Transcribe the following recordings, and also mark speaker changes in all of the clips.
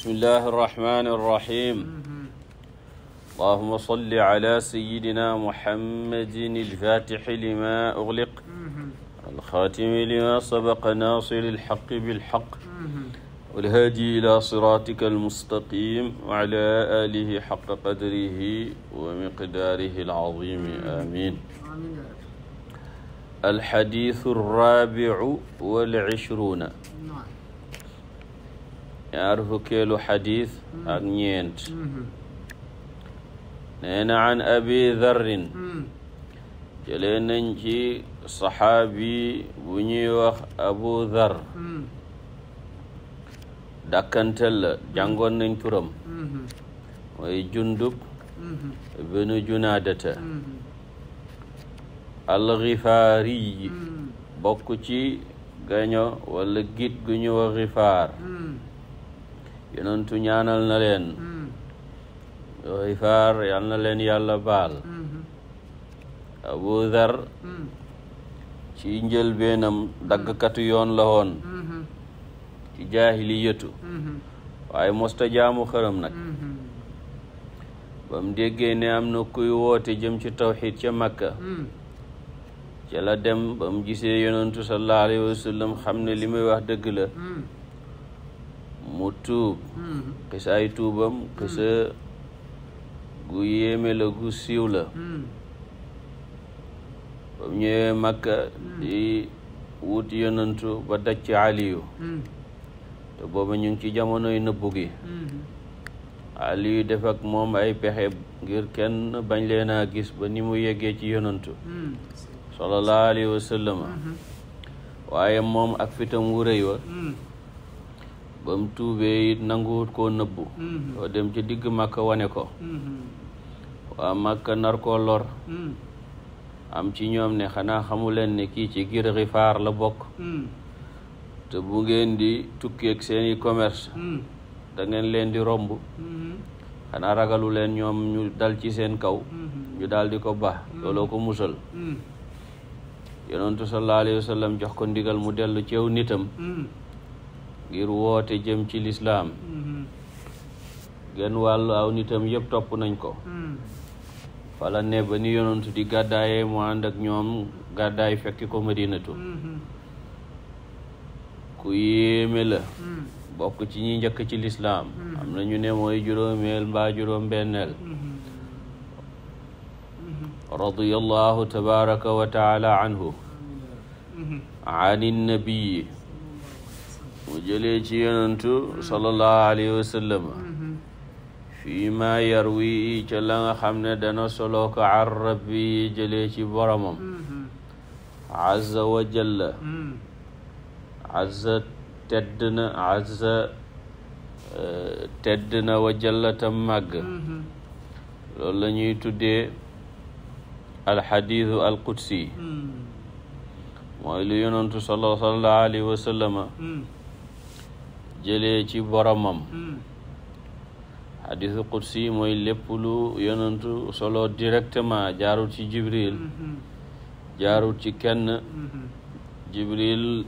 Speaker 1: بسم الله الرحمن الرحيم اللهم صل على سيدنا محمد الفاتح لما أغلق الخاتم لما سبق ناصر الحق بالحق والهادي إلى صراطك المستقيم وعلى آله حق قدره ومقداره العظيم آمين الحديث الرابع والعشرون ñaar fukkeelu xadiis ak ñeent nee na abi darrin jëlee nañ ci saxaabi bu ñuy wax abu dar dàkkantel la jàngoon nañ turam mooy jundub binu junaadata alxifaariyi bokk ci gaño wala git gu ñu wax yonentu ñaanal na leen mm-hmm. yoo xifaar yal leen yàlla baal mm-hmm. abu mm-hmm. ci njëlbeenam daggkatu yoon la woon ci jaahiliyatu waaye mosta jaamu xërëm nag bam déggee ne am na kuy woote jëm ci tawxiid ca makka mm. ca la dem bam gisee yonentu sallallahu alayhi wa sallam ne limay wax dëgg la mm. Hmm. Hmm. Hmm. mu tuub xisaay tuubam xisa gu yéeme la gu siiw la ba mu Makka di wut yonantu ba daj ci Aliyu te booba ñu ngi ci jamonoy nëbbu gi Aliyu defak moom ay pexe ngir kenn bañ leen a gis ba ni mu yeggee ci yonantu sallallahu alayhi wa waaye moom ak fitam wu wa ba mu tuubee it nanguwut koo nëbbu soo mm-hmm. dem ci digg makk wane ko mm-hmm. waa màkka nar koo lor mm-hmm. am ci ñoom ne xanaa xamuleen ne kii ci gir xifaar la bokk te bu ngeen di tukki ak seeni commerce dangeen leen di romb xanaa ragalu leen ñoom ñu dal ci seen kaw ñu daal di ko baax looloo ko musal yonentu sallallahu alayhi wa jox ko ndigal mu dellu ceew nitam ngir woote jëm ci lislaam mm-hmm. genn wàllu aw nitam yëpp topp nañ ko mm-hmm. fala ne ba ni gàddaaye mu ànd ak ñoom gàddaay fekki ko madinatu mm-hmm. ku yéeme la bokk ci ñi njëkk ci lislaam am na ñu ne mooy juróomeel mbaa juróom benneel radiyallahu tabaraka wa anhu an nabiyi mu jëlee ci yonantu sallallahu alayhi wa sallam fii ma yarwi ca la nga xam ne dana solo ko an rabbi jëlee ci boromam azza wa jalla azza tedd na azza e, tedd na wa jalla tam màgg loolu la ñuy tuddee alxadiisu alqudsi hmm. mooy lu yonantu sallallahu alayhi wa sallama hmm. jële ci boromam xadisu hmm. qudsi mooy lépp lu yonantu solo directement jaarul ci jibril hmm, hmm. jaarul ci kenn jibril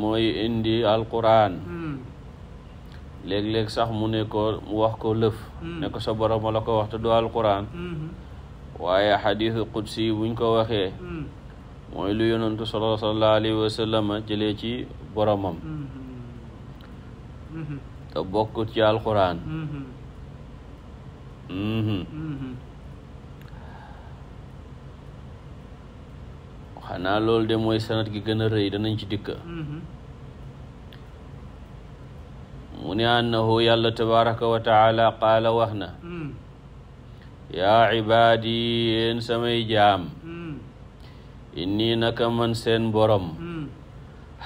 Speaker 1: mooy indi alquran léeg-léeg sax mu ne ko mu wax ko lëf ne ko sa borom la ko wax te du alquran waaye xadisu qudsi buñ ko waxee mooy lu yonantu solo sallallahu alayhi wa sallam ci boromam Mm-hmm. te bokkut ci alquran mm-hmm. mm-hmm. xanaa loolu de mooy sanat gi gën a rëy danañ ci dikk mu ne annahu yàlla tabaraka wa taala qaala wax na mm. yaa ibaadi yéen samay jaam mm. inni naka man seen borom mm.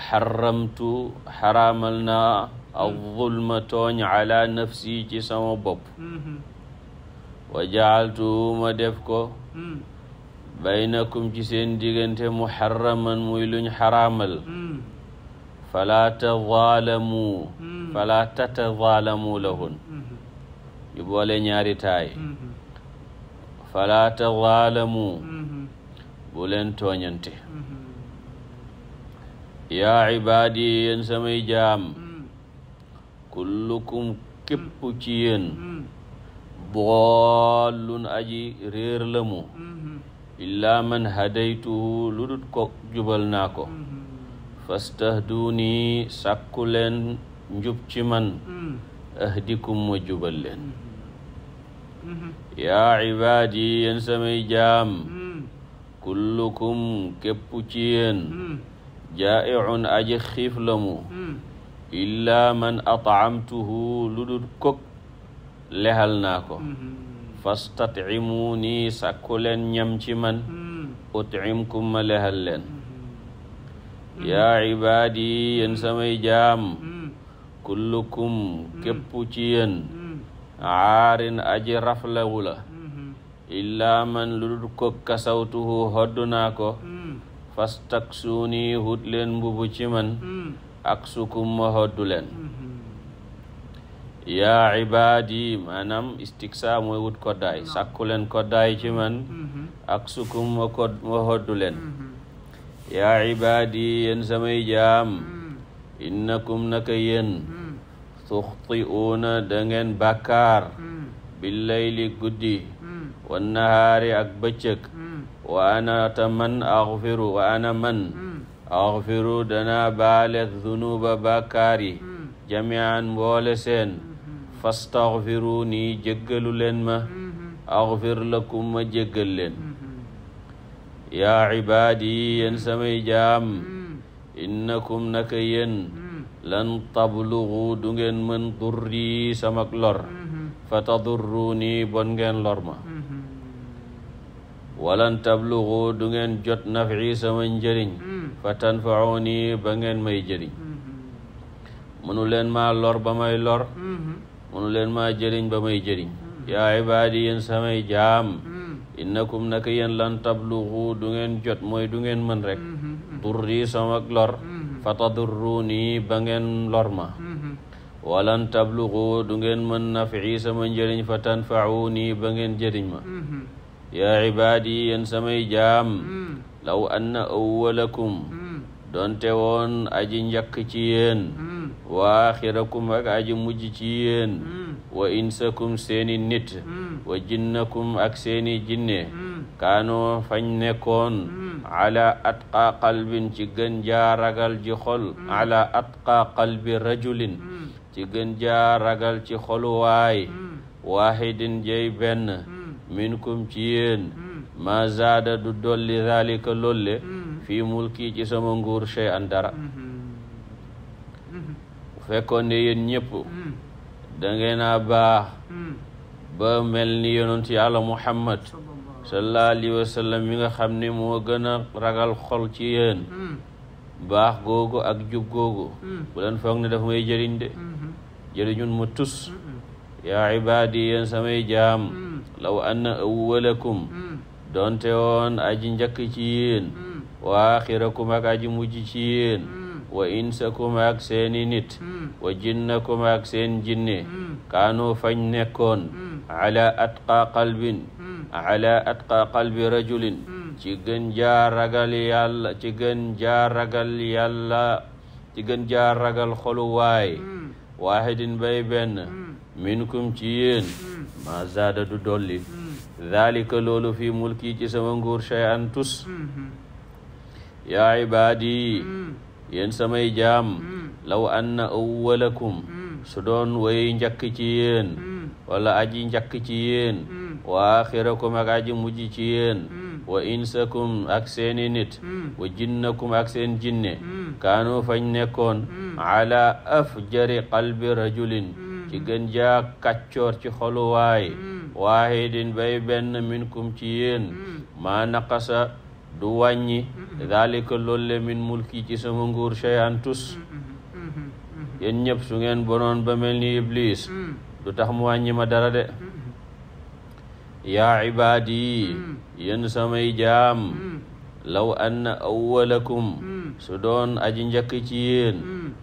Speaker 1: xaramtu xaraamal naa aw zulma tooñ ala nafsi ci sama bopp mm-hmm. wa jaaltu ma def ko mm. baynakum ci seen diggante muharraman muy luñ xaraamal mm. fala tazaalamu mm. fala tatazaalamu lahun mm-hmm. yu boole ñaari taay mm-hmm. fala tazaalamu bu leen tooñante yaa ibaadi yéen samay jaam kullukum képp mm. ci yéen mm. boolun aji réer la mu mm-hmm. illaa man hadaytuhu lu dut ko jubal naa ko mm-hmm. fastahduni sàkku leen njub ci man mm. ahdikum ma jubal leen mm-hmm. yaa ibaadi yéen samay jaam kullukum képp ci yéen jaa'iun aji xiif la mu illaa man ataamtuhu lu dul kok lehal naa ko mm-hmm. fastatcimu nii sàkku leen ci man mm-hmm. utcimkum ma lehal leen mm-hmm. yaa cibaadi yéen samay jaam kullukum képp ci yéen aarin aji raflawu la illaa man lu kasawtuhu hoddu fastaksuuni hut leen man ak sukkum maxooddu leen mm-hmm. yaa ibaadi maanaam istiksa mooy wut koddaay sàkku leen koddaay ci man mm-hmm. ak sukkum ma ko ma hoddu leen mm-hmm. yaa ibaadi yéen samay jaam innakum naka yéen tuxti'uuna da ngeen bàkkaar billayli guddi wannahaari ak bëccëg wa ana ta man axfiru wa ana man axfiru dana baaleek zunuba bàkkaar yi jamian mboole seen fastaxfiru nii jéggalu leen ma axfir lakum ma jéggal leen yaa cibaadi yéen samay jaam innakum naka yéen lan tablugu du ngeen mën durri samak lor fa tadurru nii bon ngeen lor ma walan tablugu du ngeen jot nafci sama njëriñ fa tanfauni ba ngeen may jëriñ mënu mm-hmm. leen maa lor ba may lor mënu mm-hmm. leen maa jëriñ ba may jëriñ mm-hmm. yaa ibaadi yéen samay jaam innakum naka yéen lan tablugu du ngeen jot mooy du ngeen mën rek durri sama lor fa tadurruuni ba ngeen lor ma walan tablugu du ngeen mën nafci sama njëriñ fa tanfauni ba ngeen jëriñ ma yaa ibaadi yéen samay jaam law anna awwalakum hmm. donte woon aji njëkk ci yéen hmm. wa axirakum ak aji mujj ci yéen hmm. wa insakum seeni nit wa jinnakum ak seeni jinne kaanoo fañ nekkoon ala atqa qalbin ci gën jaa ragal ji xol ala atqa qalbi rajulin ci gën jaa ragal ci xolu waay waahidin jey benn minkum ci yéen ma zaada du dolli zalika lolle fii mulki ci sama nguur chey an dara bu fekkoon ne yéen ñëpp da a baax ba mel ni yonent yàlla muhammad sallallahu alayhi wa mi nga xam ne moo gën a ragal xol ci yéen baax googu ak jub googu bu leen foog ne dafa may jëriñ de jëriñun ma tus yaa ibaadi yéen samay jaam law anna awwalakum donte woon aji njëkk ci yéen hmm. wa axirakum ak aji mujj ci hmm. seeni nit hmm. wa jinnakum seen jinne kaanu fañ nekkoon ala atqa qalbin ala rajulin ci gën jaar ragal yàlla ci gën jaar minkum ci yéen zaada du dolli dhalika loolu fi mulki ci sama nguur shay'an tus mm-hmm. yaa ibaadi mm. yéen samay jaam mm. law anna awwalakum mm. su doon way njëkk ci yéen wala aji njëkk ci yéen wa axirakum ak aji mujj ci yéen wa insakum ak seeni nit wa jinnakum ak seen jinne kaanu fañ nekkoon ala afjari qalbi rajulin ci gën jaa kàccoor ci xoluwaay mm. waahidin bay benn minkum ci yéen mm. maa naqasa du wàññi dalika lolle min mulki ci sama nguur shay'an tus yéen ñëpp su ngeen bonoon ba mel ni iblis mm. du tax mu wàññi ma dara de yaa ibaadi yéen samay jaam law anna awwalakum su doon aji njëkk ci yéen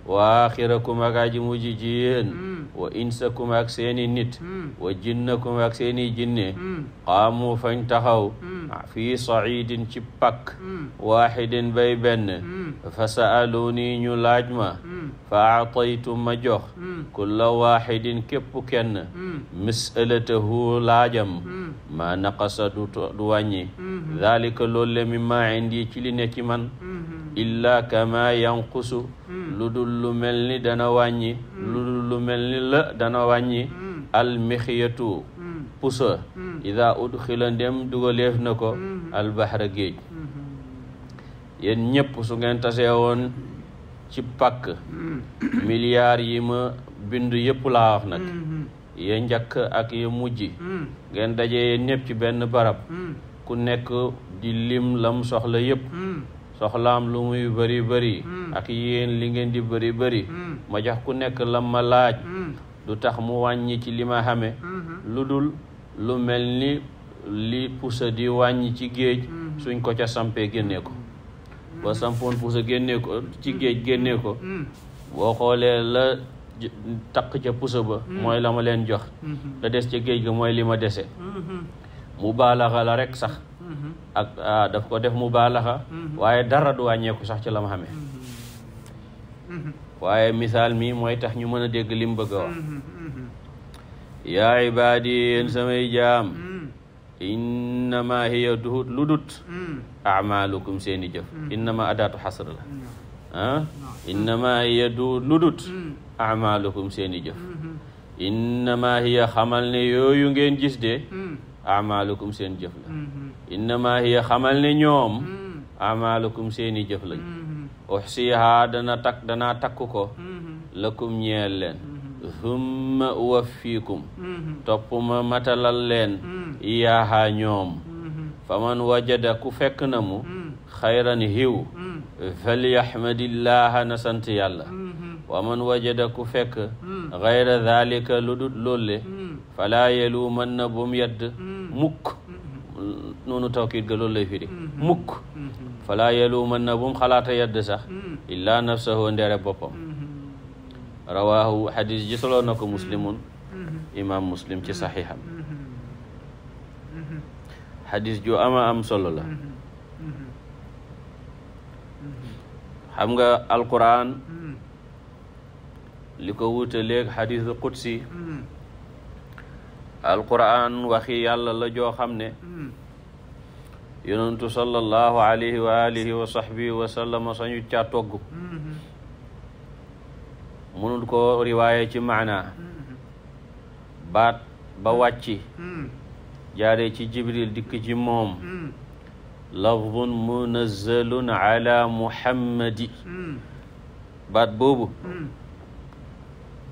Speaker 1: wa axirakum ak aji mujj ci yéen wa insakum ak seeni nit hmm. wa jinnakum ak seeni jinne hmm. qaamu fañ taxaw hmm. ah, fii saidin ci pakk waaxidin bay benn fa sa'aluni ñu laaj ma fa aataytu ma jox kulla waaxidin képp kenn misalatahu laajam maa naqasa du wàññi dalika loolu le mi maa indi ci li ne ci man illa kama yanqusu lu dul lu mel ni dana wàññi mm. lu dul lu mel ni la dana wàññi mm. almixiyatu mm. pusa ida udxila ndem dugaleef na ko albahra géej mm-hmm. yenn ñépp su ngeen tasee woon ci pàkk milliards yi ma bind yépp laa wax nag mm-hmm. ya njëkk ak ya mujj ngeen dajee yéen ñépp ci benn barab ku nekk di lim lam soxla yépp soxlaam lu muy bëri bëri hmm. ak yéen li ngeen di bëri bëri hmm. ma jox ku nekk la ma laaj hmm. du tax mu wàññi ci li ma xamee lu dul lu mel ni li pusa di wàññi ci géej suñ ko ca sampee génnee ko ba sampoon pusa génnee ko ci géej génnee ko boo xoolee la takk ca pusa ba mooy la ma leen jox la des ca géej ga mooy li ma dese mu baalaxa la sax ak ah, daf def mu baalaxa mm-hmm. waaye dara du wàññeeku sax ci la ma xamee
Speaker 2: mm-hmm.
Speaker 1: waaye misaal mi mooy tax ñu mën a dégg lim bëgg a wax
Speaker 2: mm-hmm.
Speaker 1: yaa ibaadi yéen samay jaam innama hiya duhut lu dut amaalukum seeni jëf innama adaatu xasr la ah innama hiya duhut lu dut amaalukum seeni jëf innama hiya xamal ne yooyu ngeen gis de amaalukum seen jëf la innama hiya xamal ne ñoom mm-hmm. amalukum seeni jëf lañ mm-hmm. uxsiha dana takk danaa takk ko
Speaker 2: mm-hmm.
Speaker 1: lakum ñeel leen thumma uwaffikum topp ma matalal leen iyaaha ñoom faman wajada ku fekk na mu xayran hiw falyahmadillaha na sant yàlla waman wajada ku fekk gayra dhalika lu dut loolu le falaa yaluuman na bu mu yedd mukk noonu tawkiit ga lay firi mm-hmm. mukk mm-hmm. falaa yaluuman na bu mu xalaata yedd sax mm-hmm. illaa nafsahu ndere boppam rawaahu xadis ji soloo na ko muslimun imaam muslim ci saxiixam xadis ju ama am solo la xam nga alquran li ko wuute léeg xadisu qudsi alquran waxi yàlla la joo xam ne yonentu sallallahu alayhi wa alihi wa sahbihi wa sallama sañu caa togg mm-hmm. mënul ko riwaaye ci maana mm-hmm. baat ba mm-hmm. wàcci jaaree ci jibril dikk ci moom lafdun munazzalun ala muhammadi baat boobu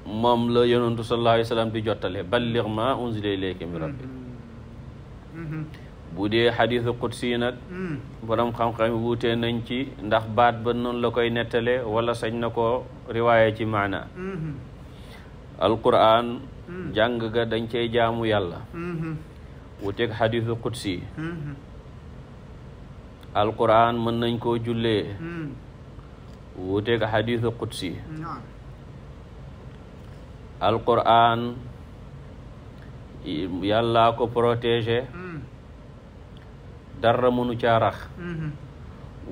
Speaker 1: moom la yonentu sallallahu alayhi wa sallam di jottale balligh ma unzila ilayka min rabbik bu dee xadiisu qudsi nag hmm. borom xam-xam wuute nañ ci ndax baat ba noonu la koy nettale wala sañ na ko riwaaya ci maana hmm. alquran hmm. jàng ga dañ cey jaamu yàlla wuteeg xadiisu qudsi alquran mën nañ ko jullee wuteeg xadiisu qudsi alquran yàllaa ko protégé dara mënu caa rax mm-hmm.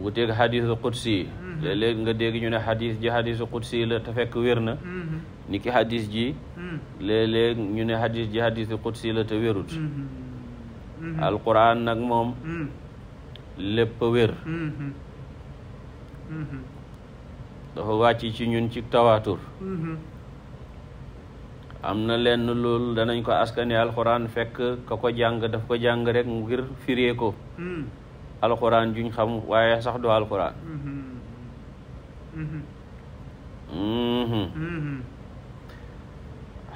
Speaker 1: wuteeg xadiisu qudsi mm-hmm. léeg-léeg nga dégg ñu ne xadiis ji xadiisu qudsi la te fekk wér na mm-hmm. xadiis ji léeg-léeg ñu ne xadiis ji xadiisu qudsi la te wérut alquran nag moom lépp wér dafa wàcc ci ñun ci tawaatur am na leen loolu danañ ko askane alxuraan fekk ka ko jàng daf ko jàng rek ngir firee ko hmm. alxuraan juñ xam waaye sax du alxuraan
Speaker 2: hmm.
Speaker 1: Hmm.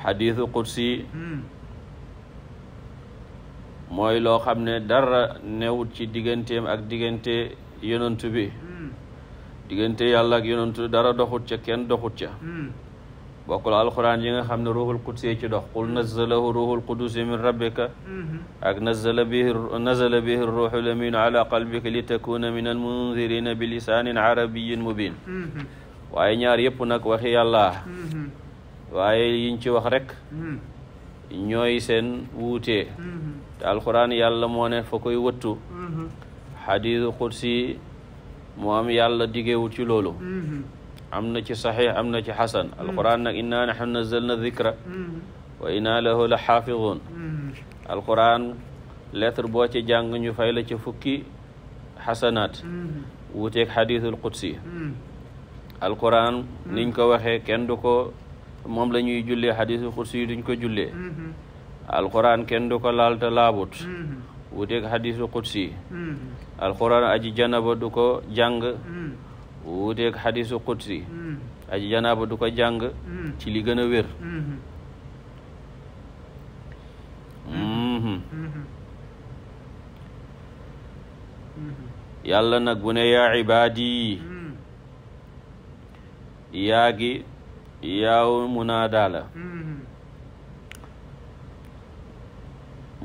Speaker 1: xadiisu qudsi mooy loo xam ne dara newut ci digganteem ak diggante yonantu bi diggante yàlla ak yonantu dara doxut ca kenn doxut ca bokkul alquran yi nga xam ne ruuxul qudsi ci dox qul nazalahu ruuxul qudusi min rabbika mm-hmm. ak nazala bihi nazala bihi ruuxul aminu ala qalbika li takuna min almundirina bi lisaanin arabiyin mubin mm-hmm. waaye ñaar yëpp nag waxi yàlla mm-hmm. waaye yiñ ci wax rek ñooy seen wuutee te alquran yàlla moo ne fa koy wëttu xadiisu qudsi moom yàlla digéewul ci loolu am na ci saxiix am na ci xasan mm. alquran nag inna nahnu nazzalna dikra mm. wa inna lahu la xaafidun mm. alquran lettre boo ci jàng ñu fay la ci fukki xasanaat wuuteeg xadiisul qudsi alquran niñ ko waxee kenn du ko moom la ñuy jullee xadiisul qudsi yi duñ ko jullee mm-hmm. alquran kenn du ko laal te laabut mm-hmm. wuuteeg xadiisul qudsi mm-hmm. alquran aji janaba du ko jàng wuuteeg xadisu qudsi mm. aji janaaba du ko jàng mm. ci li gën a
Speaker 2: mm-hmm.
Speaker 1: Mm-hmm. Mm-hmm. nag bu ne yaa ibaadi mm. yaa gi yaaw munaadaa la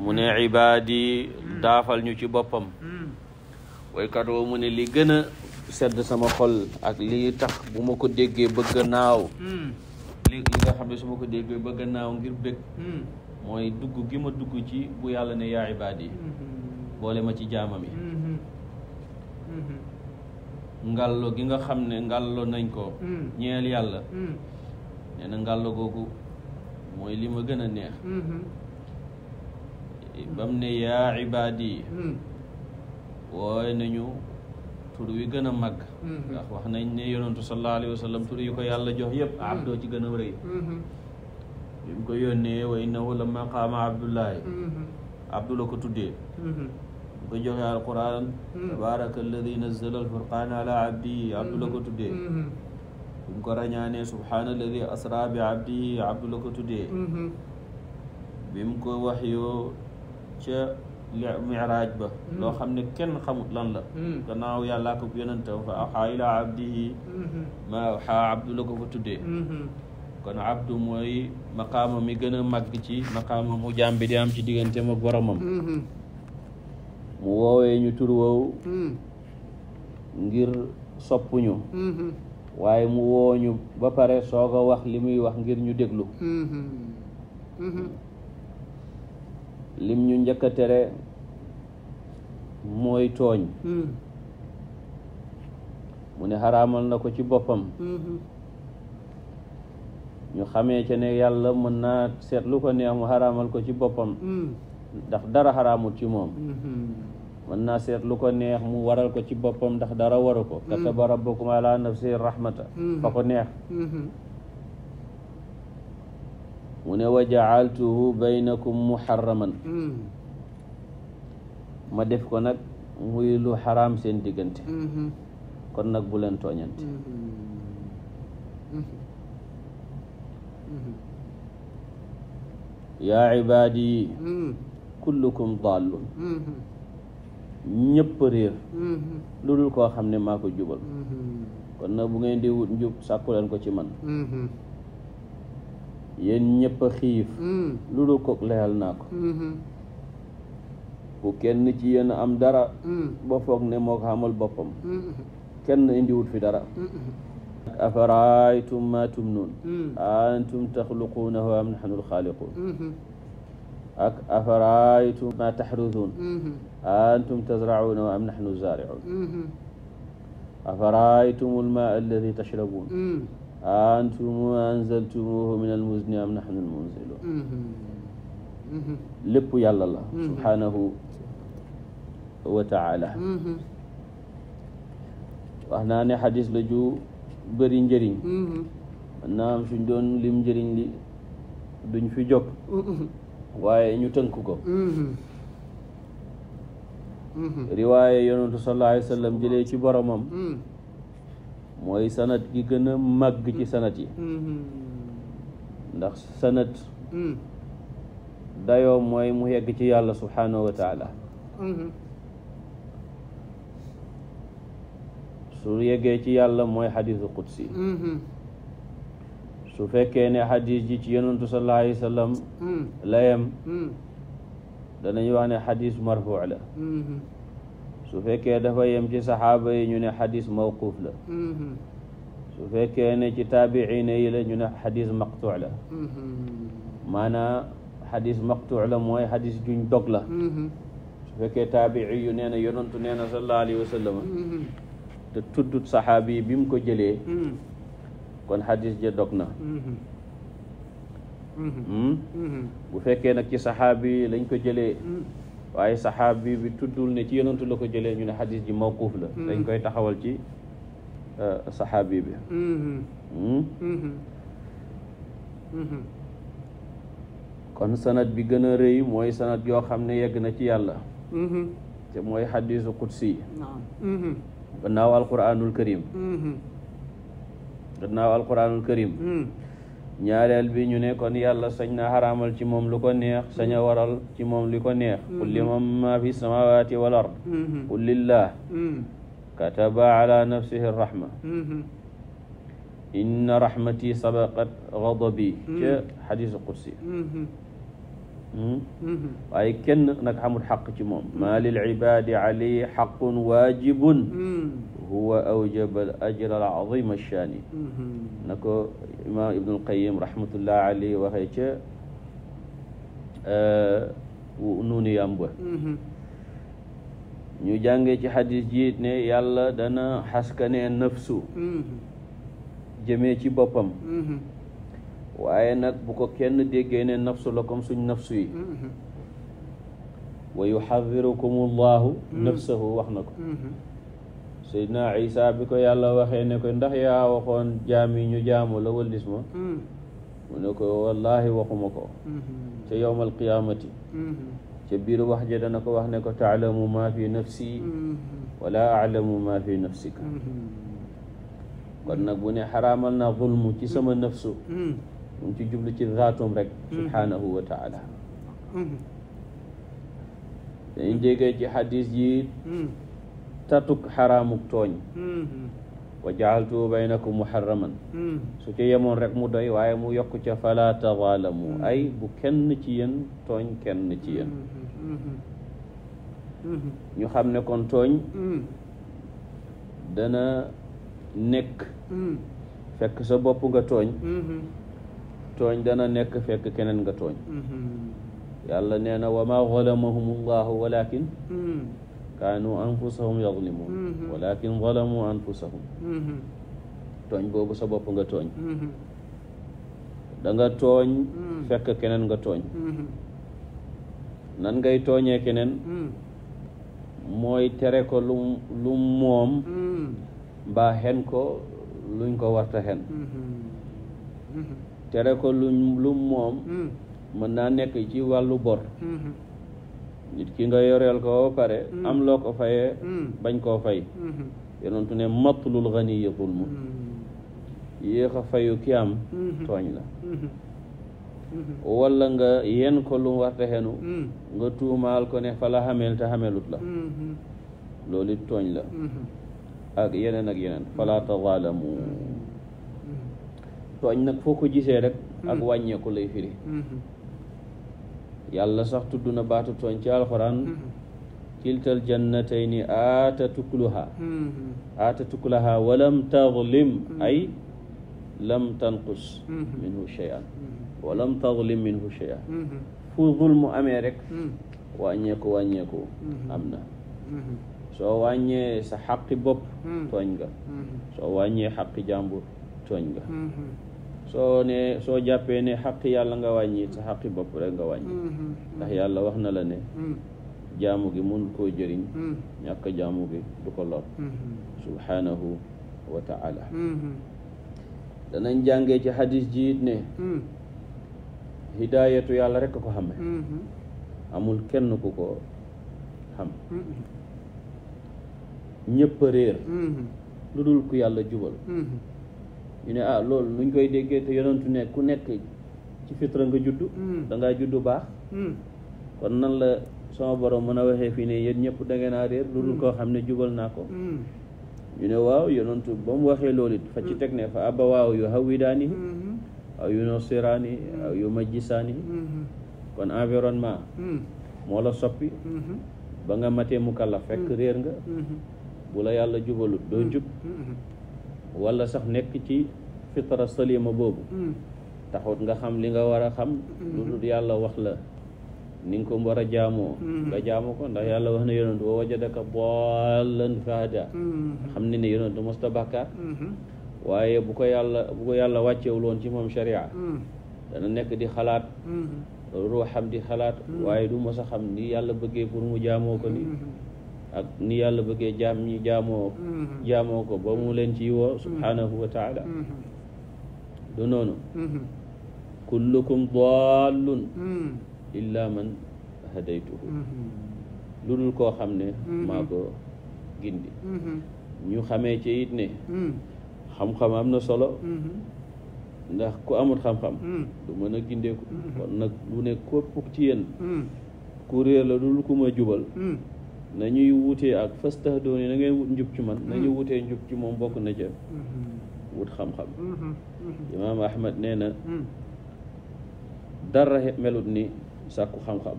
Speaker 1: mu ne ibaadi daafal ñu ci boppam waykat woo mu ne li sedd sama xol ak lii tax bu ma ko déggee bëgg naaw hmm. li li nga xam ne su ma ko déggee bëgg naaw ngir bëgg hmm. mooy dugg gi ma dugg ci bu yàlla ne yaa ibaad yi hmm. boole ma ci jaamam yi ngàllo gi nga xam ne ngàllo nañ ko ñeel yàlla nee na ngàllo googu mooy li ma gën a neex bam ne yaa ibaad yi wooy nañu tur wi gën a màgg mm-hmm. ndax wax nañ ne yonentu sallallahu alayhi wa sallam tur yi ko yàlla jox yëpp mm-hmm. abdoo ci gën a rëy mm-hmm. bi mu ko yónnee wa innahu la maqaama abdullahi abdu la ko tuddee
Speaker 2: bi
Speaker 1: ko joxee alquran tabaraka alladi nazzala alfurqaan ala abdihi abdu la ko tuddee bi mu ko rañaanee subhaana alladi asra bi abdihi abdu la ko tuddee bi mu ko waxyoo ca miraaj ba mm-hmm. loo xam ne kenn xamut lan la mm-hmm. gannaaw yàllaa ko yonentam fa awxaa ilaa abdihi mm-hmm. ma awxaa abdu la ko tuddee kon abdu mooy maqaama mi gën a màgg ci maqaama mu jàmbi di am ci diggante ma boromam mu woowee ñu tur ngir soppuñu waaye mu wooñu ba pare soog a wax li muy wax ngir ñu déglu lim ñu njëkk a tere mooy tooñ hmm. mu ne xaraamal na ko ci boppam hmm. ñu xamee ca ne yàlla mën naa seet lu ko neex mu xaraamal ko ci boppam hmm. ndax dara xaraamut ci moom mën naa seet lu ko neex mu waral ko ci boppam ndax dara waru ko kataba rabbukum ala nafsihi rahmata fa ko neex mu ne wa jacaltuhu mu muharraman mm. ma def ko nag muy lu xaraam seen diggante mm-hmm. kon nag bu leen tooñante
Speaker 2: mm-hmm.
Speaker 1: yaa cibaadi mm. kullukum dallun mm-hmm. ñëpp réer lu dul koo xam ne maa ko jubal kon nag bu di wut njub ko ci man yéen ñëpp a xiif mm. lu dul kook layal naa ko mm-hmm. bu kenn ci yéen am dara mm. ba foog ne moo ko xamal boppam mm-hmm. kenn indiwut fi dara
Speaker 2: mm-hmm.
Speaker 1: afaraytum ma tumnuun mm. antum taxluquunahu am naxnu lxaaliquun ak afaraytum ma taxrusuun antum tazrauunahu am naxnu zaaricuun afaraytum almaa alladi tashrabuun antum anzaltumuhu min almuzni am nahnu almunzilun lépp yàlla la subhanahu wa taala wax naa ne xadis la ju bëri njëriñ man naa am suñ doon lim njëriñ li duñ fi jóg waaye ñu tënk ko riwaaye yonentu sallallahu alayhi wa sallam jëlee ci boromam mooy sanat gi gën a màgg ci mm-hmm. sanat yi mm-hmm. sanat mm. dayoo mooy mu yegg ci yàlla subhaanahu wa taala mm-hmm. su yeggee ci yàlla mooy xadiisu qudsi su fekkee ne xadiis ji ci yonantu sallallahu alayhi wa sallam mm. layam mm. danañu wax ne xadiis marfuu la su fekkee dafa yem ci saxaaba yi ñu ne xadis mawquuf la mm-hmm. su fekkee ne ci taabiina yi la ñu ne xadis maqtu la
Speaker 2: mm-hmm.
Speaker 1: maanaa xadis maqtu la mooy xadis juñ dog la mm-hmm. su fekkee taabii yu nee na yonantu nee na sallallahu alayhi wa sallam te tuddut saxaabi yi bi mu ko jëlee kon xadis ja dog na
Speaker 2: hmm?
Speaker 1: bu fekkee nag ci saxaabi yi lañ ko jëlee waaye saxaabi bi tuddul ne ci yonantu la ko jëlee ñu ne xadis ji mawquuf la mm. dañ koy taxawal ci euh, saxaabi bi mm-hmm. Hmm?
Speaker 2: Mm-hmm. Mm-hmm.
Speaker 1: kon sanad bi gën a rëy mooy sanad yoo xam ne yegg na ci yàlla te mooy xadisu qudsi gannaaw alquranul karim gannaaw alquranul karim mm. ñaareel bi ñu ne kon yàlla sañ na xaraamal ci moom lu ko neex sañ a waral ci moom li ko neex mm-hmm. qul liman ma fi samawati wal ard mm-hmm. qul lillah mm-hmm. kataba ala nafsihi rahma inna rahmati sabaqat ghadabi ca xadisu qudsi
Speaker 2: hmm?
Speaker 1: waaye kenn nag xamul xaq ci moom ma lil ibadi alayhi xaqun waajibun huwa awjaba al ajra al azima shaani na ko imaam ibnul qayim rahmatullah alayhi waxee ca nuunu yàmba ñu jàngee ci xadis ji ne yàlla dana xaskanee nafsu jëmee ci boppam waaye nag bu ko kenn déggee ne nafsu la comme suñ nafsu yi wa yuxadirukum allahu nafsahu wax na ko seydina isa bi ko yàlla waxee ne ko ndax yaa waxoon jaam yi ñu jaamu la wëllis hmm. ma ko waxuma ko hmm. ca yowmal qiyaamati hmm. ca biiru wax ja ko wax ne ko taalamu ma fi nafsi wala alamu ma fi nafsika kon nag bu ne xaraamal naa zulmu ci sama nafsu mu ci jublu ci zaatum rek subhanahu wa taala dañu jege ci xadis ji tatuk xaraamuk tooñ mm-hmm. wa jaaltu baynakum muharraman mm-hmm. su ci yemoon rek mu doy waaye mu yokk ca fala tazaalamu mm-hmm. ay bu kenn ci yéen tooñ kenn ci yéen ñu xam ne kon tooñ dana nekk fekk sa bopp nga tooñ tooñ dana nekk fekk keneen nga tooñ yàlla nee na wa ma zalamahum allahu walakin kaanu anfusahum yadlimun mm-hmm. walakin zalamu anfusahum mm-hmm. tooñ boobu sa bopp nga tooñ mm-hmm. da tooñ fekk keneen nga tooñ nan ngay tooñee keneen mooy tere ko lu lu moom mbaa xen ko luñ ko warta xen tere ko lu lu moom mën naa nekk ci wàllu bor nit ki nga yoreel ko ba pare mm. am loo ko fayee mm. bañ koo fay mm-hmm. yonentu ne matlul ganiya zulmu
Speaker 2: mm-hmm.
Speaker 1: yéex a fayu ki am mm-hmm. tooñ la walla nga yen ko lu warta xenu mm. nga tuumaal ko ne fa la xamel te xamelut la loolu tooñ la ak yeneen ak yeneen fala tazaalamu tooñ nag foo ko gisee rek ak wàññeeku lay firi yàlla sax tudd na baatu tooñ ci alxuraan mm-hmm. kiltal jannatayni aata tukulaha mm-hmm. aata tukulaha walam tazlim mm-hmm. ay lam tanqus minhu shay'an walam tazlim minhu shay'an fu zulmu amee rek wàññeeku wàññeeku am na soo wàññee sa xaqi bopp tooñ nga soo wàññee xaqi jàmbur tooñ nga soo ne soo jàppee ne xaq yàlla nga wàññi sa xaqi bopp rek nga wàññi
Speaker 2: mm-hmm. Mm-hmm. ndax
Speaker 1: yàlla wax na la ne mm-hmm. jaamu gi mun koo jëriñ ñàkk jaamu gi du ko lor subhanahu wa taala danañ jàngee ci hadis jiit ne hidaayatu yàlla rek a ko xame amul kenn ku ko xam ñëpp réer lu dul ku yàlla jubal ñu ne ah loolu luñ koy déggee te yonentu ne ku nekk ci fitra nga juddu hmm. da ngaa juddu baax hmm. kon nan la sama borom mën a waxee fii ne yéen ñëpp da naa a réer lu dul hmm. koo xam ne jubal naa ko ñu ne waaw yonentu ba mu waxee loolu it fa ci teg ne fa abba waaw yu hawidaani aw yu nasiraani aw yu majjisaani kon environnement moo la soppi ba nga matee mu kàlla fekk réer nga bu la yàlla jubalut doo jub wala sax nekk ci fitra salima boobu mm. taxut nga xam li nga war a xam mm. lu dul yàlla wax la ni nga ko war a jaamoo mm. nga jaamu ko ndax yàlla wax na yonentu wa wajadaka bollan fahda mm-hmm. xam ne ne yonentu mosta bàkkaar mm-hmm. waaye bu ko yàlla bu ko yàlla wàccewul woon ci moom sharia dana nekk di xalaat mm-hmm. xam di xalaat waaye du mos a xam ni yàlla bëggee pour mu jaamoo ko ni ak ni yàlla bëggee jaam ñi jaamoo mm-hmm. jaamoo ko ba mu leen ci woo mm-hmm. subhanahu wa taala mm-hmm. du noonu kullukum dallun illa man hadaytuhu lu dul koo xam ne maa ko gindi ñu xamee ci it ne xam-xam am na solo ndax ku amul xam-xam du mën a gindeeku kon nag lu ne képp ci yéen ku la dul ku ma jubal nañuy wutee ak fastahdoo ni na ngeen wut njub ci man hmm. nañuy wutee njub ci moom bokk na ca hmm. wut xam-xam hmm. imaam ahmad nee na dara melut ni sàkku xam-xam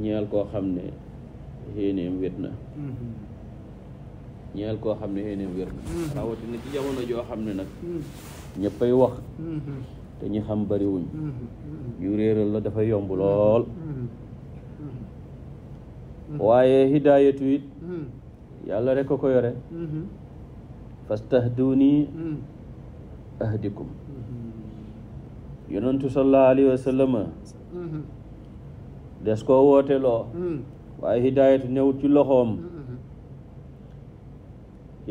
Speaker 1: ñeel koo xam ne xéeneem na ñeel koo xam ne xéeneem wér na rawatina ci jamono joo xam ne nag ñëppay wax te ñi xam bariwuñ yu réeral la dafa yomb lool Mm-hmm. waaye hidaayatu it
Speaker 2: mm-hmm.
Speaker 1: yàlla rek a ko yore mm-hmm. fastahduni ahdikum yonentu sallallahu alayhi wa sallam des koo wooteloo waaye hidaayatu newut ci loxoom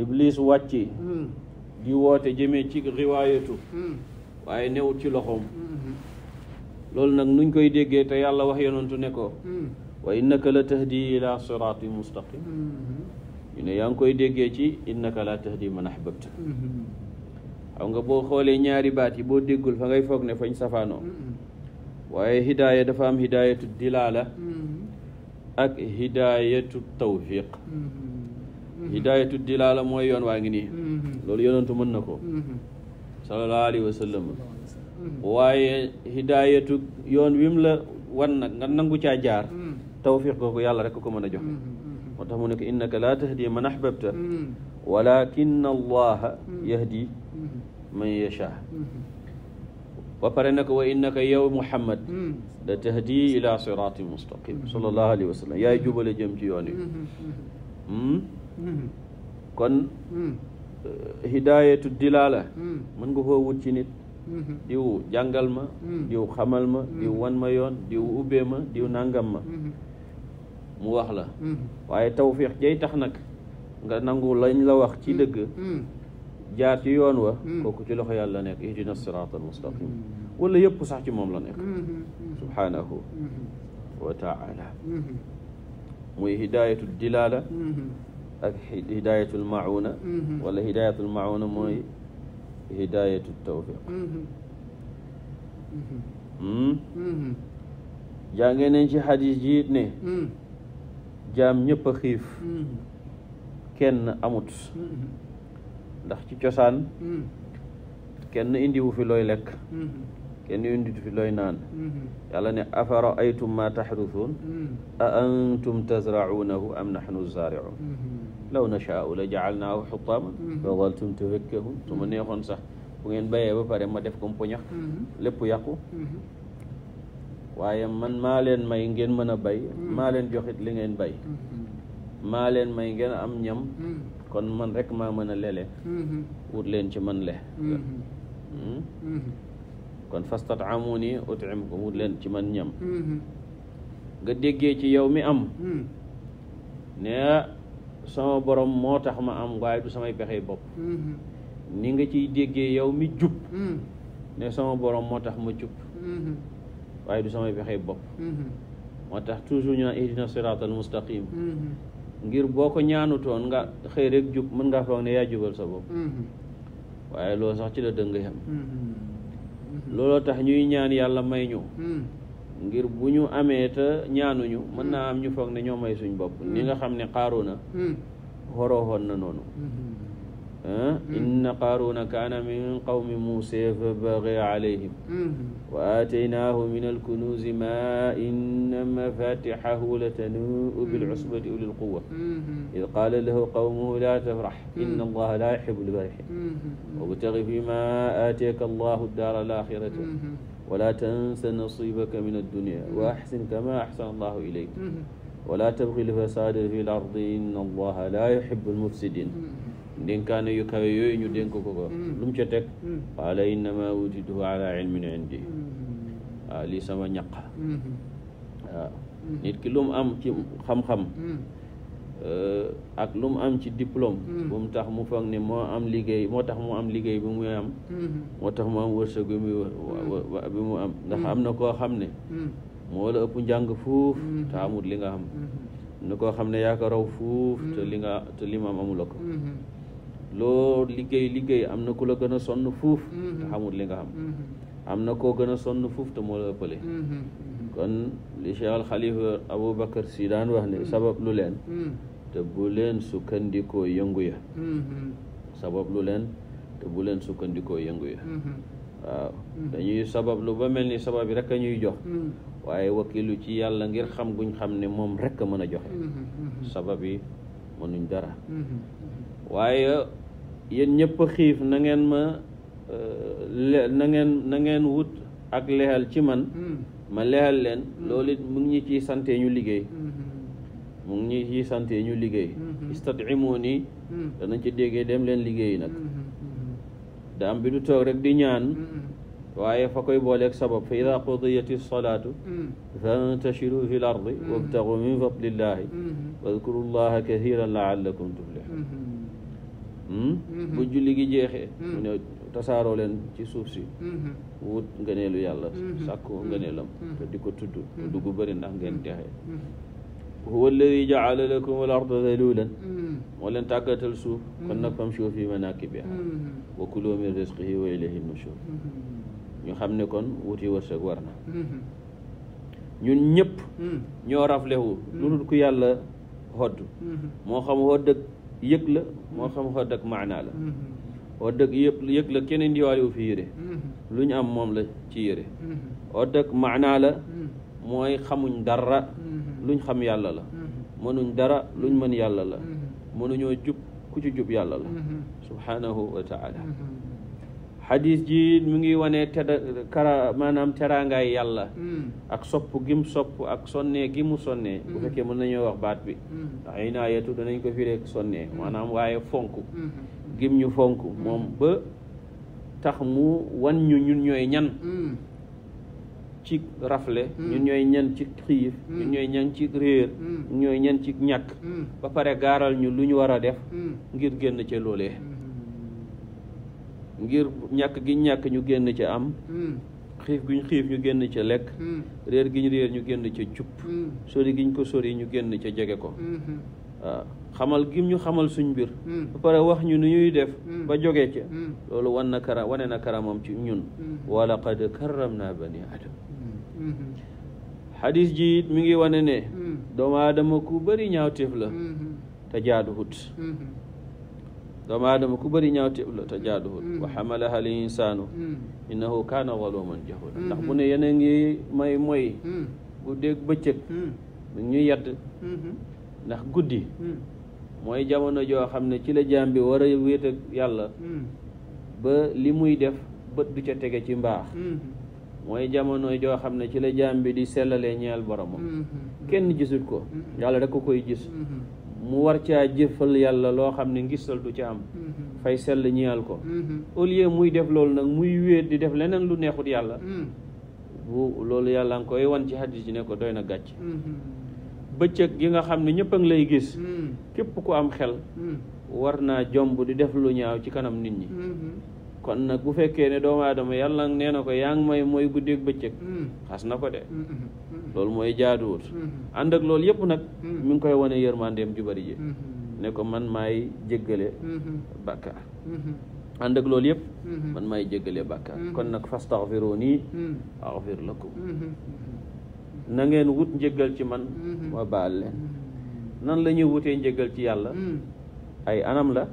Speaker 1: iblis wàcci di woote jëmee ci riwaayatu waaye newut ci loxoom loolu nag nuñ koy déggee te yàlla wax yonentu ne ko wa innaka la tahdi ila sirati mustaqim
Speaker 2: mm-hmm.
Speaker 1: ñu ne yaa ngi koy déggee ci innaka la tahdi man ahbabta
Speaker 2: mm-hmm.
Speaker 1: xam nga boo xoolee ñaari baat yi boo déggul fa ngay foog ne fañ safaanoo mm-hmm. waaye hidaaya dafa am hidaayatu dilaala ak hidaayatu tawfiq hidaayatu dilaala mooy yoon waa ngi nii loolu yonentu mën na ko sallallahu alayhi wa sallam waaye hidaayatu yoon wim la wan nag nga nangu ca jaar tawfiq googu yàlla rek ko mën a joxe mm-hmm, mm-hmm. moo tax mu ne ko innaka laa tahdi man ahbabta mm-hmm. walakin allaha yahdi man yasha ba wa innaka yow muhammad la tahdi ila sirati mustaqim sallallahu wa sallam yaay jubale jëm ci yoon hmm? kon eh, hidayatu dilala mën nga koo wut ci nit diw jàngal ma diw xamal ma diw wan ma yoon diw ubbee ma diw nàngam ma mu wax la mm. waaye tawfiix jay tax nag nga nangu lañ la wax ci mm. dëgg mm. jaar ci yoon wa kooku ci loxo yàlla nekk ihdina siraat al mustaqim wala yëpp sax ci moom la nekk
Speaker 2: mm-hmm. Mm-hmm. subhaanahu mm-hmm.
Speaker 1: wa taala muy hidayatu dilala ak hidayatul mauna wala hidayatul mauna mooy hidayatu tawfiq
Speaker 2: hmm?
Speaker 1: jàngee nañ ci xadis ji it ne jaam ñëpp a xiif mm-hmm. kenn amut mm-hmm. ndax ci cosaan mm-hmm. kenn indiwu fi looy lekk kenn indiwu fi looy naan yàlla ne afara aytum ma taxrusuun a antum tazrauunahu am naxnu zaariuun law nashaau la jacalnaahu xutaaman fa daltum tafakkahuun su ma neexoon sax bu ngeen bayee ba pare ma def ko mu poñax lépp yàqu waaye man maa leen may ngeen mën a bay mm. maa leen joxit li ngeen bay
Speaker 2: mm-hmm.
Speaker 1: maa leen may ngeen am ñam mm. kon man rekk maa mën a lele mm-hmm. wut leen ci man le
Speaker 2: mm-hmm. Mm?
Speaker 1: kon fastat'amuni ut'imkum wut leen ci man ñam nga déggee ci yow mi am ne sama borom moo tax ma am waaye du samay pexey bopp ni nga ciy déggee yow mi jub ne sama borom moo tax ma jub waaye du samay pexe bopp mm-hmm. moo tax toujours ñu naan ihdina siraatal mustaqim
Speaker 2: mm-hmm.
Speaker 1: ngir boo ko ñaanutoon nga xëy rek jub mën ngaa foog ne yaa jubal sa bopp mm-hmm. waaye loolu sax ci la dëng yam looloo tax ñuy ñaan yàlla may ñu ngir bu ñu amee te ñaanuñu mën naa am ñu foog ne ñoo may suñ bopp ni nga xam ne xaaru na xorooxoon na noonu Hmm. inna qaaruna kaana min qawmi muusa fa bagiya alayhim hmm. wa aataynaahu min alkunuuzi maa inna mafatixahu latanuu'u bilcusbati hmm. ulil quwwa id qaala lahu qawmuhu laa tafrax inna allaha laa yuxibbu lfarixiin wabtagi fiimaa aateeka allahu daara alaaxirata wala tansa nasiibaka min addunya wa axsin kamaa axsana allahu ilayk wala tabgi lfasaada fi lardi inna allaha laa yuxibbu almufsidiin ndénkaane yu kawe yooyu ñu dénk ko ko mm. lu mu ca teg mm. qaala innama utituhu ala ilmin indi
Speaker 2: waaw
Speaker 1: mm. ah, lii sama ñaq waaw mm-hmm. ah. mm-hmm. nit ki lu am ci xam-xam eh, ak lu am ci diplôme mu tax mu foog ne moo am liggéey moo tax mu am liggéey bi muy
Speaker 2: mm-hmm.
Speaker 1: moo tax mu am wërsëg bi mu am ndax am na koo xam ne moo la ëpp njàng fuuf te li nga am na koo xam ne yaa ko raw fuuf te li nga te li ma am ko loo liggéey liggéey am na ku la gën a sonn fuuf mhm. te xamul li nga xam mhm. am na koo gën a sonn fuuf te moo la ëppale mhm. kon li Cheikh al Xalifa Aboubacar si daan wax ne sabab lu leen te bu leen sukkandikoo yëngu ya leen bu leen sukkandikoo yëngu waaw dañuy sabab lu ba mel ni sabab yi rek a ñuy jox waaye wakilu ci yàlla ngir xam guñ xam ne moom rek a mën a joxe sabab yi mënuñ dara waaye yéen ñëpp xiif nangeen ma euh, na ngeen wut ak lexal ci man hmm. ma lexal leen hmm. loolu mu ngi ñi ciy sante ñu liggéey hmm, mu ngi ñi ciy sante ñu liggéey istadimo nii danañ ci déggee dem leen liggéey nag daam bi du toog rek di ñaan waaye fa koy booleeg sabab fa ida qudiyati salaatu fantashiru fi l ardi wabtagu min fadlillahi wadkuru llaha kathiran laallakum
Speaker 2: tuflihun
Speaker 1: Hmm? bu julli gi jeexee hmm. mu ne tasaaroo leen ci suuf si hmm. wut ngëneelu yàlla sàkkoo ngëneelam te di ko tudd tudd gu bëri ndax ngeen texe huwa alladi jaala lakum al arda dalulan moo leen tàggatal suuf kon nag famshuu fi manaakibihaa wa kuluu min rizqihi wa ilayhi nushuur ñu xam ne kon wuti wërsëg war na ñun ñëpp ñoo raflewu lu dul ku yàlla hodd moo xam hodd yëg la moo xam xodd ak maanaa la mm-hmm. xodd ak yëpp yëg la keneen ndiwaale wu fi yére mm-hmm. lu ñu am moom la ci yére mm-hmm. xodd ak maanaa la mooy xamuñ dara luñ xam yàlla la mënuñ dara luñ mën yàlla la mënuñoo jub ku ci jub yàlla la subhanahu wa taala xadis ji mu ngi wane tedda kara maanaam teraangaay yàlla hmm. ak sopp gim sopp ak sonnee gimu mu sonnee bu hmm. fekkee mën nañoo wax baat bi hmm. yetu inaayatu danañ ko fi sonnee maanaam waaye fonk gim ñu fonk moom ba tax mu wan ñu ñun ñooy ñan ci rafle ñun ñooy ñan ci xiif ñun ñooy ñan ci réer ñun ñooy ñan ci ñàkk ba pare gaaral ñu lu ñu war a def ngir génn ca loole ngir ñàkk gi ñàkk ñu génn ca am hmm. xiif gi ñu xiif ñu génn ca lekk hmm. réer gi ñu réer ñu génn ca jub hmm. sori gi ñu ko sori ñu génn ca jege ko xamal gi ñu xamal suñ mbir ba pare wax ñu ni ñuy def ba jógee ca loolu wan na kara wane na karamam ci ñun wa laqad karram naa bani adam xadis ji it mi ngi wane ne doomu aadama ku bari ñaawteef la te jaaduwut doomu aadama ku bari ñaaw téef la te jaaduwul mm. wa xamalaha insaanu mm. innahu kaana zaluman jahula mm-hmm. ndax bu ne yéen a ngi may moy mm. bu dégg bëccëg mu ñu yedd
Speaker 2: mm-hmm.
Speaker 1: ndax guddi mooy jamono joo xam ne ci la jaam bi war a wéet yàlla ba li muy def bët du ca tege ci mbaax mm-hmm. mooy jamono joo xam ne ci la jaam bi di sellalee ñeel boromam kenn gisut ko yàlla rek koy gis mu war caa jëfal yàlla loo xam ne ngistal du ca am
Speaker 2: mm-hmm.
Speaker 1: fay sell ñiyal ko mm-hmm. au lieu muy def loolu nag muy wéer di def leneen lu neexut yàlla mm. bu loolu yàlla nga koy wan ci hadis ne ko doy na gàcc
Speaker 2: mm-hmm.
Speaker 1: bëccëg gi nga xam ne ñëpp a lay gis mm. képp ku am xel mm. war naa jomb di def lu ñaaw ci kanam nit ñi kon nag bu fekkee ne doomu aadama yàlla nee na ko yaa ngi mooy guddeeg bëccëg xas na ko de loolu mooy jaaduwut mm-hmm. ànd ak loolu yëpp nag mm-hmm. mi ngi koy wane yërmandeem ju bari
Speaker 2: mm-hmm.
Speaker 1: ne ko man maay jéggale bakka ànd loolu yëpp man maay jéggale bàkkaar kon nag fastaghfiruni aghfir lakum na ngeen wut njéggal ci man ma baal leen nan la ñuy wutee njéggal ci yàlla ay anam la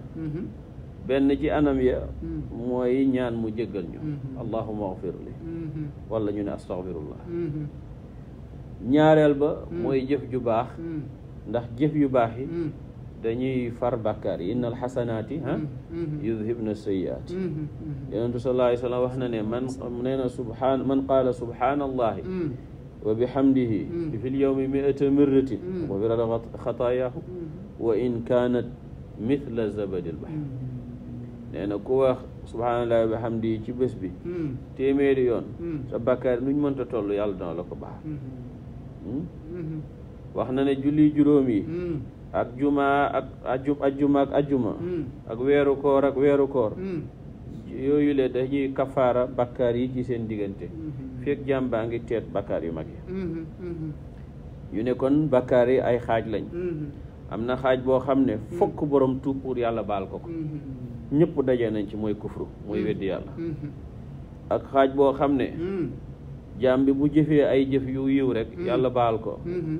Speaker 1: benn ci anam ya mooy ñaan mu jéggal ñu allahumma aghfir
Speaker 2: li
Speaker 1: ñu ne astaghfirullah ñaareel ba hmm. mooy jëf ju baax hmm. ndax jëf yu baax yi hmm. dañuy far bàkkaar yi innal xasanaati ah yudhibna sayyiaati yonentu sallallahu alayhi wax na ne man nee na subhaan man qaala subhaanallahi wa bihamdihi fi lyowmi miata mirratin gufirat xataayaahu wa in kaanat mithla zabadil bahr nee na ku wax subhaanallahi wa bihamdihi ci bés bi téeméeri yoon sa bàkkaar nuñ mënta toll yàlla dana la ko b
Speaker 2: Hmm?
Speaker 1: wax na ne julli juróom yi hmm. ak juma ak aju ajuma ak ajuma hmm. ak weeru koor ak weeru koor yooyu le dañuy kafaara bakkaar yi ci seen diggante fekk jàmm baa ngi teet bakkaar yu mag yi yu ne kon bakkaar yi ay xaaj lañ am na xaaj boo xam ne fokk boroom tuub pour yàlla baal ko ko ñëpp daje nañ ci mooy kufru mooy weddi yàlla ak xaaj boo xam ne jaam bi bu jëfee ay jëf yu yiw rek mm-hmm. yàlla baal ko mm-hmm.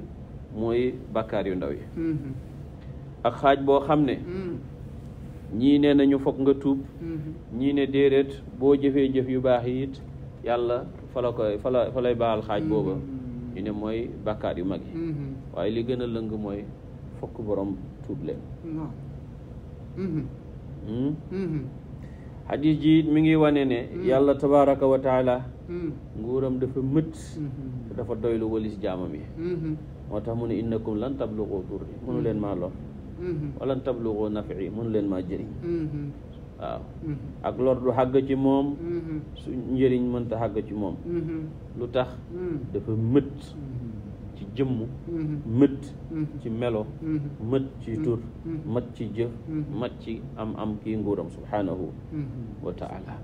Speaker 1: mooy bàkkaar yu ndaw yi mm-hmm. ak xaaj boo xam ne ñii nee nañu foog nga tuub ñii ne déedéet boo jëfee jëf yu baax yit yàlla fa la koy fa la fa baal xaaj booba ñu ne mooy bàkkaar yu mag yi waaye li gën a lëng mooy fokk borom tuub leen hmm? xadiis ji ngi wane ne yàlla tabaraka wa taala Mm-hmm. nguuram dafa mët te mm-hmm. dafa doylu walis jaamam yi mm-hmm. moo tax mu ne innakum lan tabluqoo durri mënu leen maa lor walan tabluqoo nafi mënu leen maa jëriñ waaw ak lor du xàgg ci moom su njëriñ mënta xàgg ci moom lu tax dafa mët ci jëmm mët ci melo mët ci tur mat ci jëf mat ci am am kii nguuram subhanahu wa taala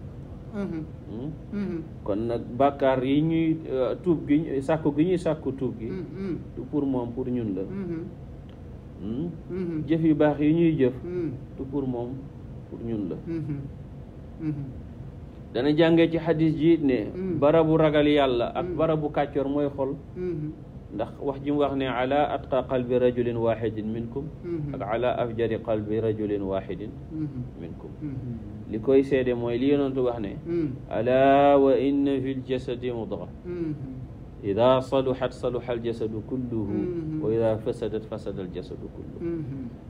Speaker 1: Hmm? Hmm. Hmm. kon nag bàkkaar yi ñuy euh, tuub gi sàkku gi ñuy sàkku tuub gi du pour moom pour ñun la jëf yu baax yi ñuy jëf du pour moom pour ñun la dana jàngee ci xadis ji ne barabu ragal yàlla ak barabu kàccoor mooy xol ndax wax ji mu wax ne ala atqa qalbi rajulin waxidin minkum mhm. ak ala afjari qalbi rajulin waxidin mhm. minkum mhm. li koy seede mooy li yonentu wax ne ala wa inna fi ljasadi mudga ida saluxat saluxa aljasadu kulluhu wa ida fasadat fasada aljasadu kulluhu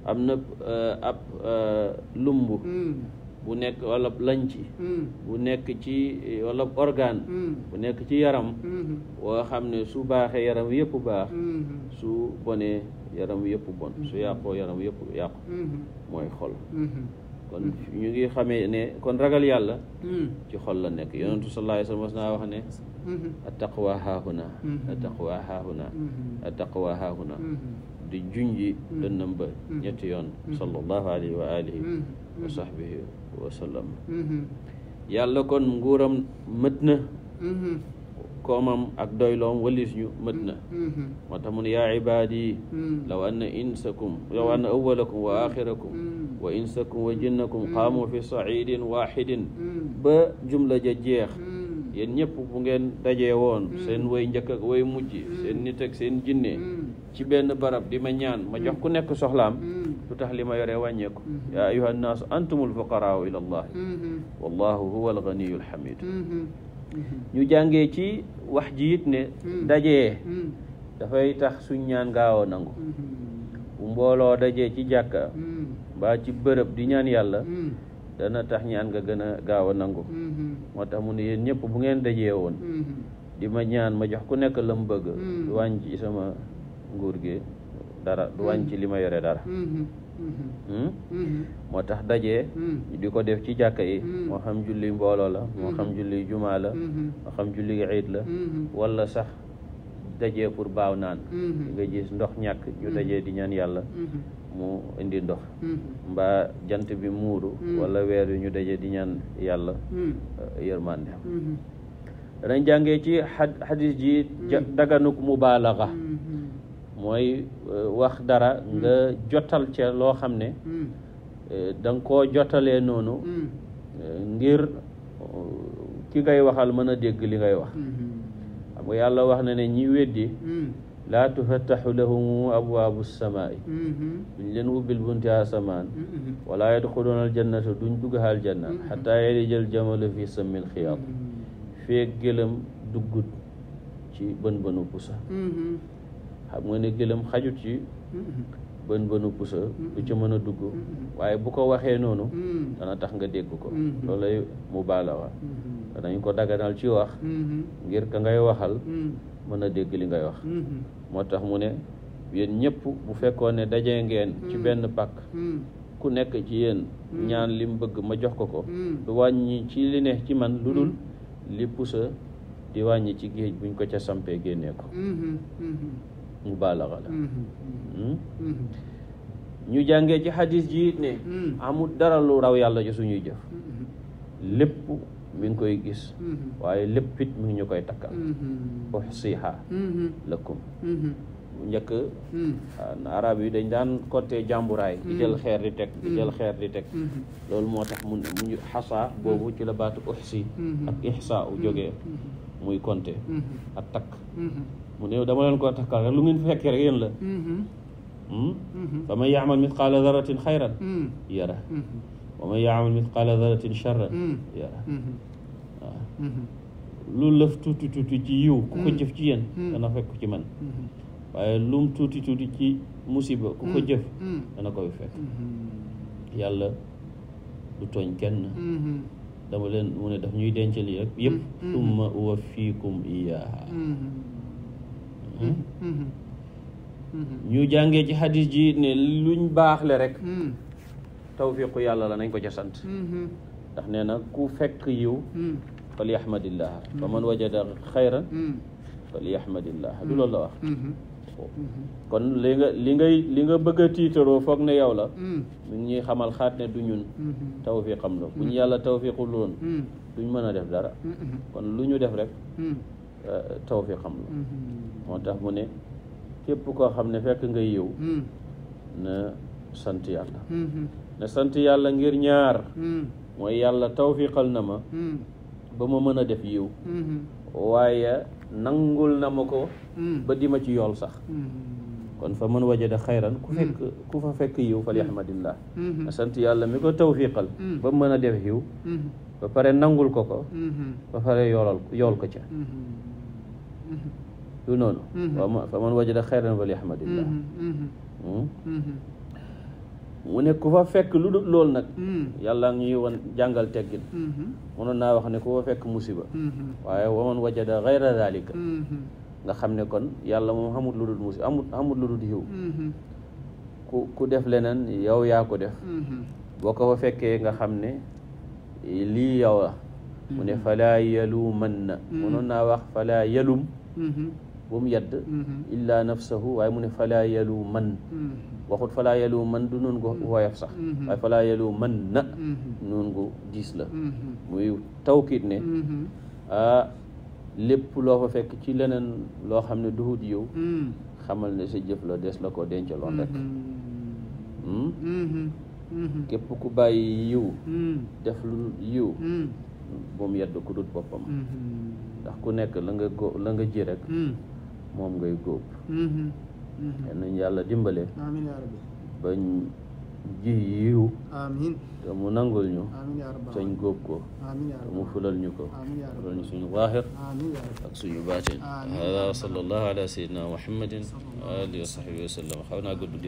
Speaker 1: am na eh, ab eh, lumb bu nekk wala lanc hmm. bu nekk ci eh, wala organe hmm. bu nekk ci yaram woo hmm. xam ne su baaxee yaram yëpp baax su bonee yaram yëpp bon su yàqoo yaram yëpp yàqu mooy xol kon ñu ngi xamee ne kon ragal yàlla ci xol la nekk yonentu sallallahu alayhi wasallam naa wax ne attaqwa haahuna attaqwa haahuna attaqwa haahuna di junji dënnam ba ñetti yoon sallallahu alayhi wa wa sahbihi wa sallam mm-hmm. yàlla kon nguuram mët na mm-hmm. koomam ak doyloom walis ñu mët na mm-hmm. moo tax mu ne yaa ibaadi law anna insakum law anna awalakum wa axirakum wa insakum wa jinnakum qaamu fi saidin waxidin ba jumla ja jeex yéen ñëpp bu ngeen dajee woon seen way njëkk ak way mujj seen nit ak seen jinne ci benn barab di ma ñaan ma jox ku nekk soxlaam lu tax li ma yore wàññeeku mm-hmm. yaa ayuha annaasu antumul fuqaraau ila allahi mm-hmm. wallahu huwa alganiyu alhamid mm-hmm. ñu jàngee ci wax ji it ne mm. daje mm. dafay tax suñ ñaan gaaw nangu bu mbooloo dajee ci jàkka mm. mbaa ci bërëb di ñaan yàlla dana tax ñaan nga gën a gaaw a nangu moo tax mu ne yéen ñëpp bu ngeen dajee woon di ma ñaan ma jox ku nekk la mu bëgg wàññi sama nguur gi dara du wàññi ci li ma yore dara
Speaker 2: mm-hmm. Mm-hmm. Hmm? Mm-hmm.
Speaker 1: moo tax daje di ko def ci jàkka yi moo xam julli mbooloo la moo xam julli jumaa la moo xam julli iid la walla sax dajee pour baaw naan nga gis ndox ñàkk ñu dajee di ñaan yàlla mu indi ndox mbaa jant bi muuru wala weer yu ñu dajee di ñaan yàlla
Speaker 2: uh,
Speaker 1: yërmande danañ jàngee ci xadis ji daganuk mubaalaga mooy euh, wax dara nga hmm. jotal ca loo xam ne hmm. euh, danga ko koo jotalee noonu hmm. euh, ngir ki ngay waxal mën a dégg li ngay wax
Speaker 2: xam
Speaker 1: nga yàlla wax na ne ñi weddi laa tufattaxu lahum abwaabu samaai duñ leen ubbil bunti asamaan wala yadxuluuna aljannata duñ dugg aljanna xataa yalijal jamalu fi sammil xiyaat feeg gëlëm duggut ci bën bënu pusa xam nga ne gëlëm xajut ci
Speaker 2: mm-hmm.
Speaker 1: bën bënu pusa bu ca mën a dugg mm-hmm. waaye bu ko waxee noonu mm-hmm. dana tax nga dégg ko loolay mu baalawa danañ ko daganal ci wax ngir ka ngay waxal mën a dégg li ngay wax moo tax mu ne yéen ñépp bu fekkoon ne daje ngeen ci benn pàkk ku nekk ci yéen ñaan lim bëgg ma jox ko ko du wàññi ci li ne ci man lu dul li pusa di wàññi ci géej buñ ko ca sampee génnee ko mubaalaxa la mhm. Hmm? Mhm. ñu jàngee ci xadis ji it ne mhm. amul dara lu raw yàlla ci suñuy jëf lépp mi ngi koy gis waaye lépp it ngi ñu koy takkal uxsiha lakum bu njëkk ah, na arab yi dañ daan compter jàmburaay di jël xeer di teg di xeer di teg loolu moo tax mu ñu xasaa boobu ci la baatu uxsi ak ixsa u jógee muy compter ak takk mu ne dama leen ko takkal rek lu ngeen fekkee rek yéen la mm-hmm. Hmm? Mm-hmm. fa man yaamal mitqaala daratin xayran mm. yara mm-hmm. wa man yaamal mitqaala daratin charran mm. yara ah. lu lëf tuuti tuuti ci yiw ku ko mm. jëf ci fekk ci man waaye lum tuuti tuuti ci musiba ko jëf koy fekk yàlla du tooñ kenn dama leen mu ne daf ñuy dencal yi rek yëpp summa iyaaha Hmm?
Speaker 2: Mm-hmm. ñu jàngee ci xadis
Speaker 1: ji ne luñ baax le rek hmm. tawfiqu yàlla la nañ ko ca sant mm-hmm. ndax nee na ku fekk yiw hmm. fal yahmadillah fa man wajada xayran fal yahmadillah du loolu la wax mm-hmm. Oh. kon li nga li ngay li nga bëgg a tiitaroo foog ne yow la ñun ñuy xamal xaat ne du ñun tawfiqam la bu ñu yàlla tawfiqul woon duñ mën a def dara kon lu ñu def rek Euh, tawfiqam la
Speaker 2: mm-hmm.
Speaker 1: moo tax mu ne képp koo xam ne fekk ngay yiw mm. na sant yàlla mm-hmm. na sant yàlla ngir ñaar mm. mooy yàlla tawfiqal na ma mm. ba ma mën a def yiw mm-hmm. waaye nangul na ma ko ba di ma ci yool sax kon fa mën man wajada xayran ku fekk ku fa fekk yiw falyahmadillah na sant yàlla mi ko tawfiqal ba mën a def yiw ba pare nangul ko ko ba pare yoolal yool ko ca du noonu waaw fa man wajada xayran fa li ahmadillah mm-hmm. hmm? mm-hmm. mm-hmm. mu ne fa fekk lu dul lool nag yàlla ñuy wan jàngal teggin mënoon naa wax ne ku fa fekk musiba waaye wa man wajada xayra dalika nga xam ne kon yàlla moom amul lu dul musiba ku ku def leneen yow yaa ko def boo ko fa fekkee nga xam ne lii yow la mu ne falaa yaluman na mënoon naa wax falaa yalum Mm-hmm. bu mu yedd mm-hmm. illaa nafsahu waaye mu ne falaa yalu man
Speaker 2: mm-hmm.
Speaker 1: waxut falaa yalu man du noon gu woyof sax waaye falaa man na noon gu diis la muy tawkiit ne lépp loo fa fekk ci leneen loo xam ne duhut yow mm. xamal ne sa jëf la des la ko dencaloon rek mm. képp ku bàyyi yiw mm. def lu yiw bu yedd ku boppam ndax ku nekk la nga góob la nga ji rek hmm. moom ngay góob hmm, hmm, yal nañu yàlla dimbale amiin yaa rabbi bañ ji yiw ñu sañ góob ko te mu fulal ñu ko fulal ñu suñu zaahir ak suñu baatin hada sallallahu ala sayyidina muhammadin wa alihi wa sahbihi xaw naa gudd